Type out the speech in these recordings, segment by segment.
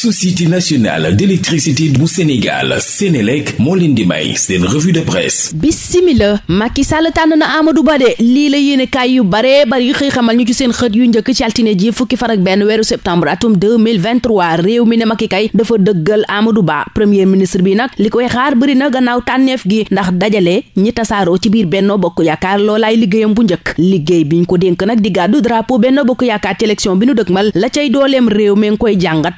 société nationale d'électricité bu Sénégal Sénélec moo leen di may seen revue de presse tànn na Amadou Ba de lii la yéenekaay yu bare bari yu xëy xamal ñu ci seen xët yu njëkk ci altine ji fukki fan ak benn weeru septembre atum 2023 réew mi ne Macky kay dafa dëggal Amadou Ba premier ministre bi nag li koy xaar bëri na gannaaw tànneef gi ndax dajale ñi tasaaroo ci biir Benno Bokk Yaakaar loolaay liggéeyam bu njëkk liggéey bi ñu ko dénk nag di gàddu drapeau Benno Bokk Yaakaar ci élection bi nu mal la cay dooleem réew mi ngi koy jàngat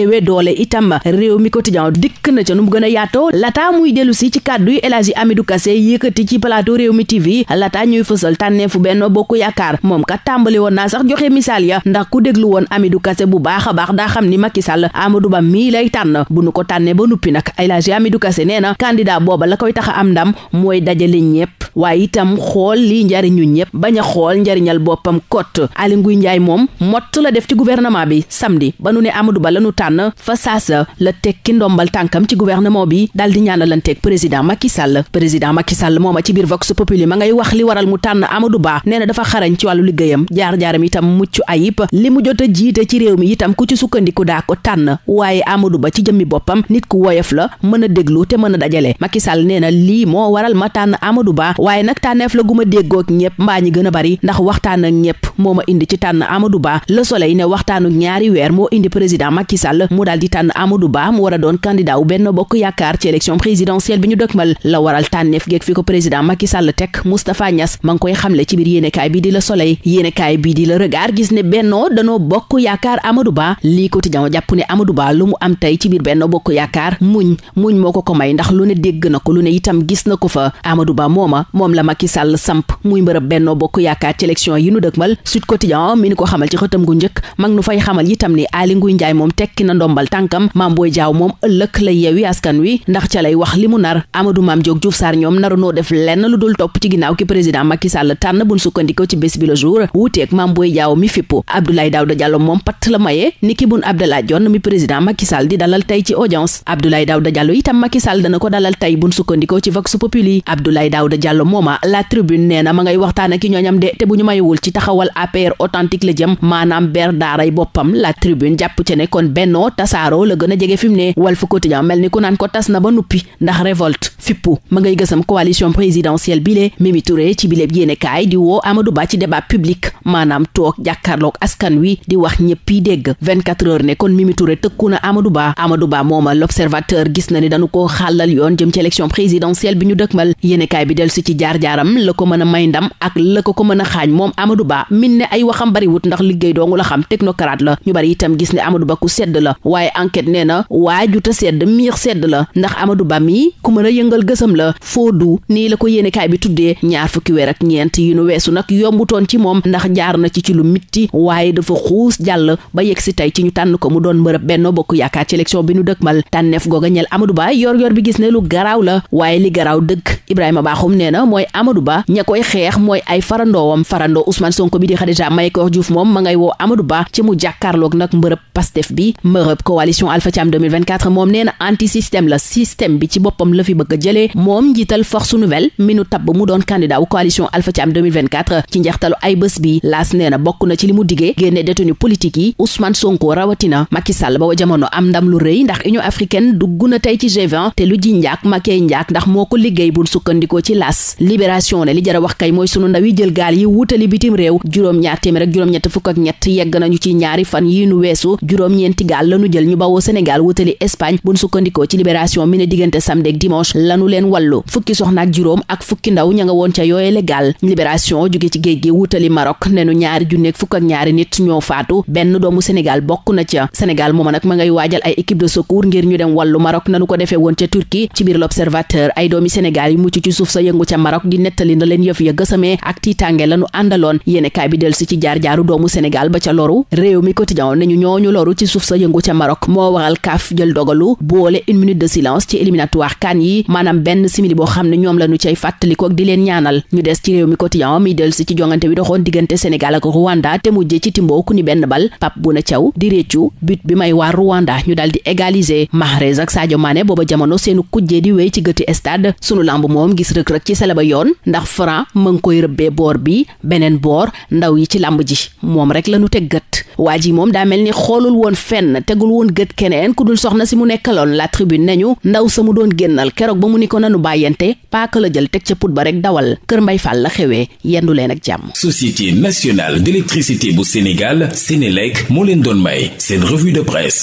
néewee doole itam réew mi quotidien dikk na ca nu mu gën a yaatoo lataa muy dellu si ci kàddu yi El Hadji Amidou Kassé yëkkati ci plateau réew mi TV lataa ñuy fësal tànneefu benn bokk yaakaar moom ka tàmbali woon naa sax joxe misaal ya ndax ku déglu woon Amidou kase bu baax a baax daa xam ni Macky Sall Amadou Ba mii lay tànn bu nu ko tànnee ba nuppi nag El Hadji Amidou Kassé nee na candidat booba la koy tax am ndam mooy dajale ñépp waaye itam xool lii njariñu ñépp bañ a xool njariñal boppam kott Aly Ngouille moom mott def ci gouvernement bi samedi tànn fa saasa la tekki ndombal tànkam ci gouvernement bi daal di ñaanalanteeg président Macky Sall président Macky Sall mooma ci biir vox populi ma ngay wax li waral mu tànn Amadou Ba nee na dafa xarañ ci wàllu liggéeyam jaar-jaaram itam mucc ayib li mu jot a jiite ci réew mi itam ku ci sukkandiku daa ko tànn waaye Amadou Ba ci jëmmi boppam nit ku woyof la mën a déglu te mën a dajale Macky Sall nee na lii moo waral ma tànn Amadou Ba waaye nag tànneef la gu ma déggoog ñëpp a ak ñëpp moo indi ci tànn Amadou la Le Soleil ne waxtaanu ñaari weer moo indi président Macky Sall mu daal di tànn Amadou Ba mu war a doon candidat wu Bokk Yaakaar ci élection présidentielle bi ñu dëkkmal la waral tànneef geeg fi ko président Macky Sall teg Moustapha Niass ma ngi koy xamle ci biir yéenekaay bi di Le Soleil bi di Le Regard gis ne Benno danoo bokk yaakaar Amadou Ba lii quotidien jàpp ne Amadou Ba lu mu am tey ci biir Benno Bokk Yaakaar muñ muñ moo ko ko may ndax lu ne dégg na ko lu ne itam gis na ko fa Amadou Ba mooma moom la Macky Sall samp muy mbërëb Benno Bokk Yaakaar ci élection yi ñu dëkkmal Sud Quotidien mi ni ko xamal ci xëtam gu njëkk mag nu fay xamal itam ni Aly Ngouille Ndiaye moom tekki na ndombal tànkam Mame Boye Diao moom ëllëg la yeewi askan wi ndax ca lay wax li mu nar Amadou Mame Diop Diouf Sarr ñoom naru noo def lenn lu dul topp ci ginnaaw ki président Macky Sall tànn buñ sukkandikoo ci bés bi le jour wuuteeg Mame Boye Diao mi fippu Abdoulaye Daouda Diallo moom patt la maye ni ki bun Abdallah Dionne mi président Macky Sall di dalal tey ci audience Abdoulaye Daouda Diallo itam Macky APR authentique la jëm maanaam ber daaray boppam la tribune jàpp ci ne bennoo tasaaroo la gën a jege fi mu ne Walf Quotidien mel ni ku naan ko tas na ba nuppi ndax révolte fippu ma ngay gësam coalition présidentielle bile Mimi Touré ci biléb yéenekaay di woo Amadou Ba ci débat public toog jàkkaarloog askan wi di wax ñëppi dégg 24 heures ne kon Mimi Touré tëkku na Amadou Ba Amadou Ba mooma l'observateur gis na ni danu ko xàllal yoon jëm ci élection présidentielle bi ñu dëkkmal yéenekaay bi dellu si ci jaar-jaaram la ko mën a may ndam ak la ko ko mën a xaañ moom Amadou Ba min ne ay waxam bariwut ndax liggéey doongu la xam technocrate la ñu bari itam gis ne Amadou Ba ku sedd la waaye enquête nee na waa waajuta sedd miir sedd la ndax Amadou Ba mi ku mën a yëngal gësam la foo du nii la ko yéenekaay bi tuddee ñaar fukki weer ñeent yu nu weesu nag yombutoon ci moom ndax jaar na ci ci lu mitti waaye dafa xuus jàll ba yegg si tey ci ñu tànn ko mu doon mbërëb Benno Bokk Yaakaar ci élection bi ñu nu dëkkmal tànneef googa ñel Amadou Ba yor yor bi gis ne lu garaaw la waaye li garaaw dëgg Ibrahima Bakhoum nee na mooy Amadou Ba ña koy xeex mooy ay farandoowam farandoo di Khadija Mahécor Diouf moom ma ngay woo Amadou Ba ci mu jàkkaarloog nag mbërëb pastef bi mbërëb coalition Alpha Thiam 2024 moom nee anti système la système bi ci boppam la fi bëgg a moom njiital force nouvelle mi nu tabb mu doon candidat wu coalition Alpha Thiam ci njeextalu ay bés bi laas nee bokk na ci li diggee génne détenu politique yi Ousmane Sonko rawatina Macky ba wa jamono am ndam lu rëy ndax Union africaine dugg na tey ci g te lu ji juróom-ñaar téeméer ak juróom-ñett fukk ak ñett yegg nañu ci ñaari fan yi nu weesu juróom-ñeenti gaal lanu jël ñu bawoo Sénégal wutali Espagne buñ sukkandikoo ci libération mi ne diggante samedi ak dimanche lanu leen wàllu fukki soxna ak juróom ak fukki ndaw ña nga woon ca yooyele gaal libération jóge ci géej gi wutali Maroc nenu ñaari junneeg fukk ak ñaari nit ñoo faatu benn doomu Sénégal bokk na ca Sénégal mooma nag ma ngay waajal ay équipe de secours ngir ñu dem wàllu Maroc nanu ko defee woon ca Turquie ci biir l'Observateur ay doomi Sénégal yi mucc ci suuf sa na leen yëf bi del si ci jaar-jaaru doomu Sénégal ba ca loru réew mi quotidien nañu ñooñu loru ci suuf sa yëngu ca Maroc moo waral kaaf jël dogalu boole une minute de silence ci éliminatoire kan yi maanaam benn simili boo xam ne ñoom la ñu cay fàttaliko di leen ñaanal ñu des ci réew mi quotidien mi del si ci jongante bi doxoon diggante Sénégal ak Rwanda te mujje ci timboo ku ni benn bal Pape Bouna Thiaw di réccu but bi may waa Rwanda ñu daal di égaliser Mahrez ak Sadio Mané booba jamono seenu kujjee di wéy ci gëti stade sunu lamb moom gis rëk-rëk ci sele ba yoon ndax Franc mën koy rëbbee boor bi beneen boor ndaw yi ci làmb ji moom rek la ñu teg gët waa ji moom daa mel ni xoolul woon fenn tegul woon gët keneen ku dul soxna si mu nekkaloon la tribune nañu ndaw sa mu doon génnal keroog ba mu ni ko nanu bàyyante paaka la jël teg ca put ba rek dawal kër mbay fàll la xewee yendu leen ak jàmm société nationale d'électricité bu Sénégal Sénélec moo leen doon may seen revue de presse